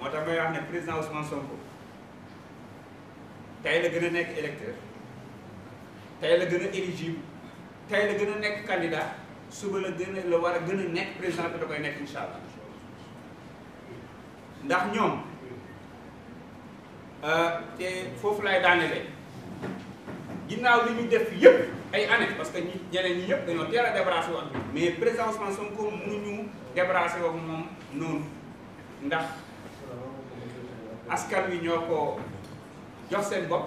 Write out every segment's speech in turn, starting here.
moo tax may wax ne président Ousmane Sonko tey la gën a nekk électeur tey la gën a éligible tey la gën a nekk candidat suba la gën a la war a gën a nekk président te koy nekk incha ndax ñoom euh, te foofu lay daanelee ginnaaw li ñu def yëpp ay années parce que ñu ñeneen ñi yëpp dañoo teel a débarrassé woon mais président Ousmane Sonko mu ñu débarrassé woon moom noonu ndax. askan wi ñoo ko jox seen bopp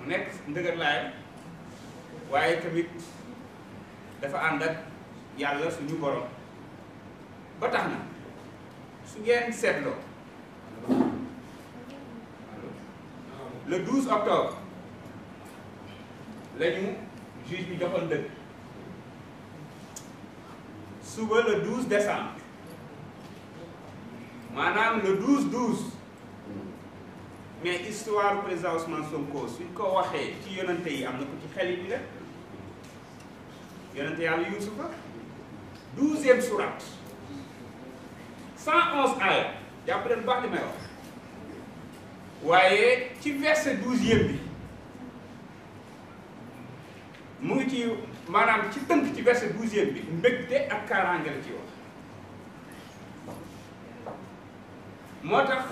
mu nekk ndëgër laay waaye tamit dafa ànd ak yàlla suñu borom ba tax na su ngeen seetloo le 12 octobre la ñu juge bi joxoon dëgg suba le 12 décembre maanaam le 12 12. mais histoire président Ousmane Sonko suñ ko waxee ci yonante yi am na ko ci xel yi la yonante yàlla Yuusufa douzième sourate cent onze aaya jàpp leen baax waaye ci verset douzième bi mu ngi ci maanaam ci tënk ci verse douzième bi mbégte ak kaaraange la ci wax moo tax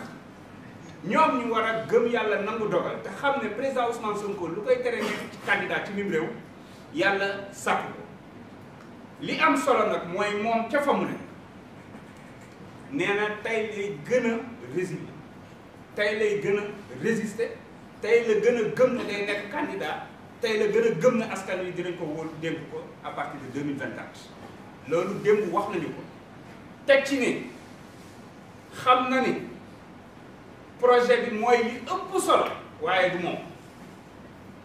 ñoo ñoom ñu war a gëm yàlla nangu dogal te xam ne président Ousmane Sonko lu koy tere nekk ci candidat ci mim réew yàlla sàkk ko li am solo nag mooy moom ca fa mu ne nee na tey lay gën a résister tey lay gën a résister tey la gën a gëm ne day nekk candidat tey la gën a askan wi dinañ ko wóolu dénk ko à partir de 2024 loolu démb wax nañu ko teg ci ne xam na ni projet bi mooy li ëpp solo waaye du moom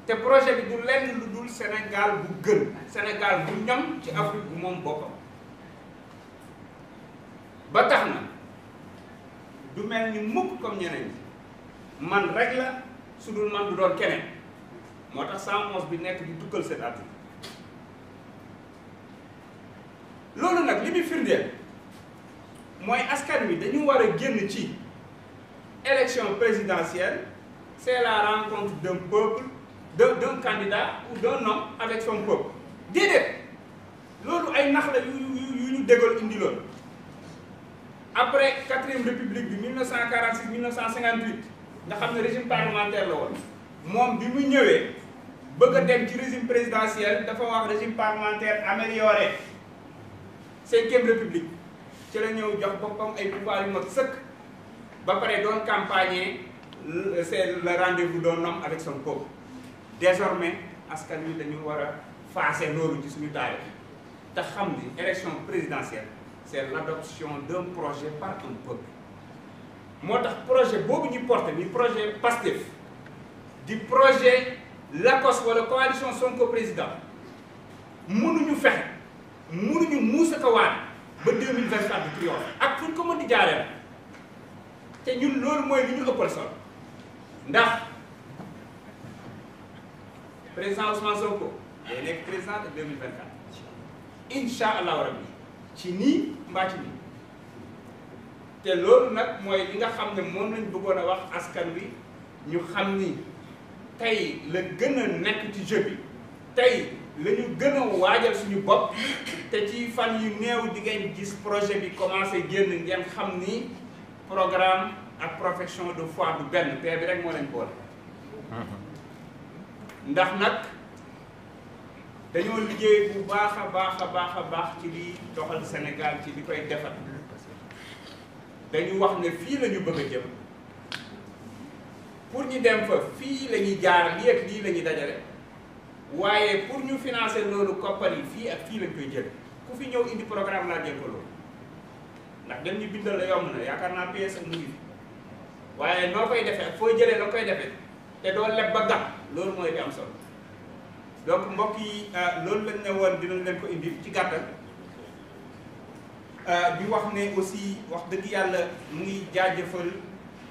te projet bi du lenn lu dul Sénégal bu gën Sénégal bu ñoom ci Afrique bu moom boppam ba tax na du mel ni mukk comme ñeneen man rek la su dul man du doon keneen moo tax sàmmoos bi nekk di tukkal seen àdduna loolu nag li muy firndeel mooy askan wi dañu war a génn ci élection présidentielle c'est la rencontre d'un peuple d'un candidat ou d'un homme avec son peuple déedéet loolu ay nax la yu yu yu ñu dégal indi loolu après quatrième république bi 1946 1958 nga xam ne régime parlementaire la woon moom bi mu ñëwee bëgg a dem ci régime présidentiel dafa wax régime parlementaire amélioré cinquième république ci la ñëw jox boppam ay pouvoir yu sëkk ba pare doon campagne c'est le rendez-vous d'un homme avec son peuple désormais askan wi dañu war a faase loolu ci suñu taarix te xam ni élection présidentielle c'est l'adoption d'un projet par un peuple moo tax projet boobu ñu porte ni projet PASTEF di projet LACOS wala coalition Sonko président mënuñu fexe mënuñu muus a ko waat ba 2024 bi triomphe ak fu ñu ko mën di jaareel te ñun loolu mooy lu ñu ëppal sol ndax président Ousmane ko day nekk président de 2024 incha allahu rabbi ci nii mbaa ci nii te loolu nag mooy li nga xam ne moom lañ bëggoon a wax askan bi ñu xam ni tey la gën a nekk ci jeu bi tey la gën a waajal suñu bopp te ci fan yu neew di ngeen gis projet bi commencé génn ngeen xam nii programme ak profession de fois du benn pee bi rek moo leen boole ndax nag dañoo liggéey bu baax a baax a baax a baax ci li doxal Sénégal ci li koy defar dañu wax ne fii lañu ñu bëgg a jëm pour ñu dem fa fii la ñuy jaar lii ak lii lañuy dajale waaye pour ñu financer loolu koppar yi fii ak fii lañ koy jël ku fi ñëw indi programme laa jël ko loolu ndax dañ ñu bindal la yomb na yaakaar naa pièce ak mu ngi waaye noo koy defee foo jëlee la koy defee te doo leb ba gàtt loolu mooy di am solo donc mbokk yi euh, loolu lañ ne woon dinañ leen ko indi ci gàttal euh, di wax ne aussi wax dëgg yàlla mu ngi jaajëfal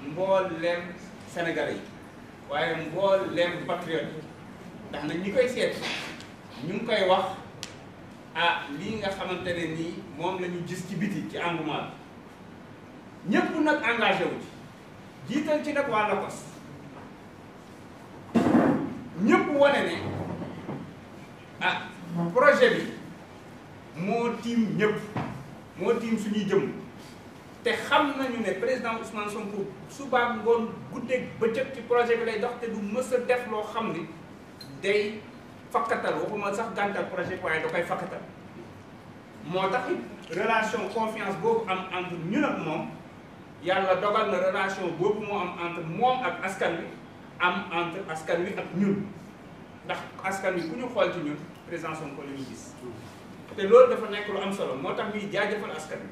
mbooleem Sénégalais yi waaye mbooleem patriote yi ndax nag ñi koy seet ñu ngi koy wax. ah lii nga xamante ne nii moom lañu gis ci biti ci engouement bi ñëpp nag engagé wu ci jiital ci nag waa Lagos ñëpp wane ne ah projet bi moo tiim ñëpp moo tiim suñuy jëm te xam nañu ne président Ousmane Sonko subaab ngoon guddeeg bëccëg ci projet bi lay dox te du mës def loo xam ni day. fakkatal waxuma sax gàntal projet waaye da koy fakkatal moo tax it relation confiance boobu am entre ñun ak moom yàlla dogal na relation boobu moo am entre moom ak askan wi am entre askan wi ak ñun ndax askan wi ku ñu xool ci ñun président Sonko la gis te loolu dafa nekk lu am solo moo tax ñuy jaajëfal askan wi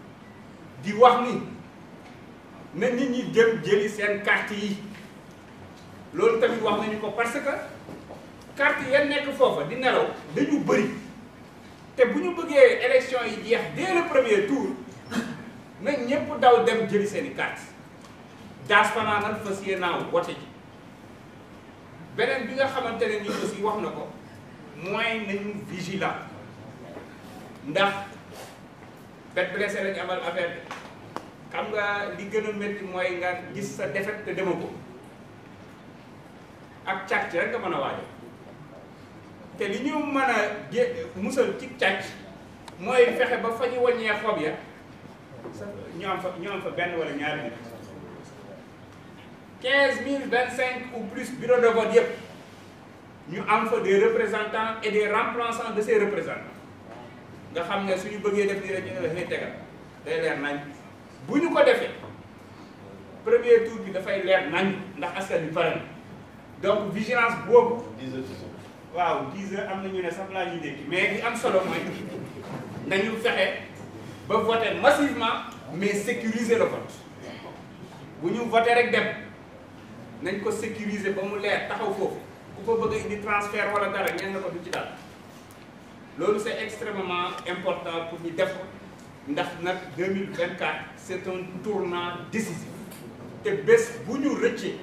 di wax ni na nit ñi dem jëli seen carte yi loolu tamit wax nañu ko parce que carte yan nekk foofa di nelaw dañu bëri te bu ñu bëggee élection yi jeex dès le tour na ñëpp daw dem jëli seeni i carte daas fanaanal fas yéenaaw wote ji beneen bi nga xamante ne ni aussi wax na ko mooy nañu vigilant ndax bet blessé lañu amal affaire xam nga li gën a métti mooy nga gis sa défaite te dema ko ak càcc rek nga mën a waajal te li ñu mën a gé musal ci càcc mooy fexe ba fa ñu wàññee xob ya ñu am fa ñu am fa benn wala ñaari nit quinze mille vingt cinq ou plus bureau de vote yëpp ñu am fa des représentants et des remplaçants de ces représentants nga xam ne suñu bëggee def nii rek nañ bu ñu ko defee premier tour bi dafay leer nañ ndax askan bi pare donc vigilance boobu waaw 10 heures am na ñu ne sax laa ñuy ndékki mais li am solo mooy nañu fexe ba voter massivement mais sécuriser le vote bu ñu voter rek dem nañ ko sécuriser ba mu leer taxaw foofu ku ko bëgg a indi transfert wala dara ñeen na ko du ci dal loolu c' est extrêmement important pour fi def ndax nag 2024 c' est un tournant décisif te bés bu ñu rëccee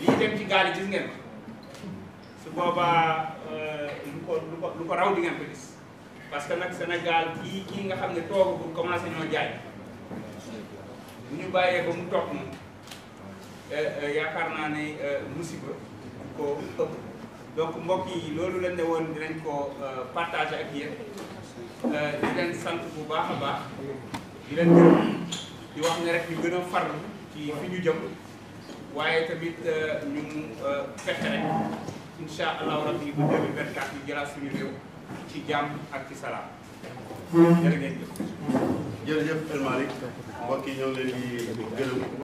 lii dem ci gaal yi gis ngeen su boobaa euh, lu ko lu ko lu ko raw di ngeen ko gis parce que nag Sénégal kii kii nga xam ne toogu pour commencé ñoo jaay bu ñu bàyyee ba mu toog moom euh, euh, yaakaar naa ne musiba ko ëpp donc mbokk yi loolu lañ ne woon dinañ ko partager ak yéen di leen sant bu baax a baax di leen di wax ne rek ñu gën a farlu ci fi ñu jëm waaye tamit ñu fexe incha allahu rabbi bu 2024 ñu jëlaat suñu réew ci jàmm ak ci salaam. jërë ngeen jëf. jërëjëf El Malick mbokk yi